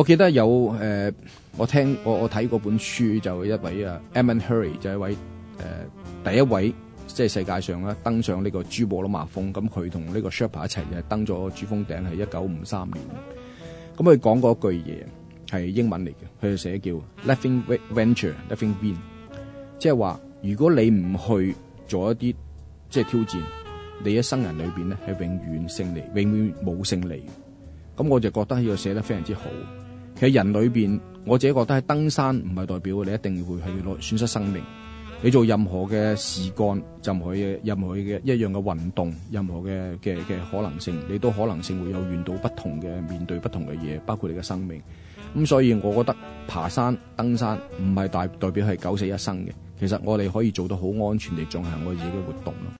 我記得有誒、呃，我聽我我睇嗰本書就一,、啊、Hurley, 就一位啊 Edmund Hillary 就一位誒，第一位即係世界上登上呢個珠穆朗瑪峰。咁佢同呢個 Sherpa 一齊登咗珠峰頂係一九五三年。咁佢講嗰句嘢係英文嚟嘅，佢寫叫 Nothing venture, nothing win”，即係話如果你唔去做一啲即係挑戰，你一生人裏邊咧係永遠勝利，永遠冇勝利。咁我就覺得佢寫得非常之好。其實人裏邊，我自己覺得登山唔係代表你一定要會去損失生命。你做任何嘅事幹，任何可任何嘅一樣嘅運動，任何嘅嘅嘅可能性，你都可能性會有遇到不同嘅面對不同嘅嘢，包括你嘅生命。咁所以我覺得爬山、登山唔係代代表係九死一生嘅。其實我哋可以做到好安全地進行我自己嘅活動咯。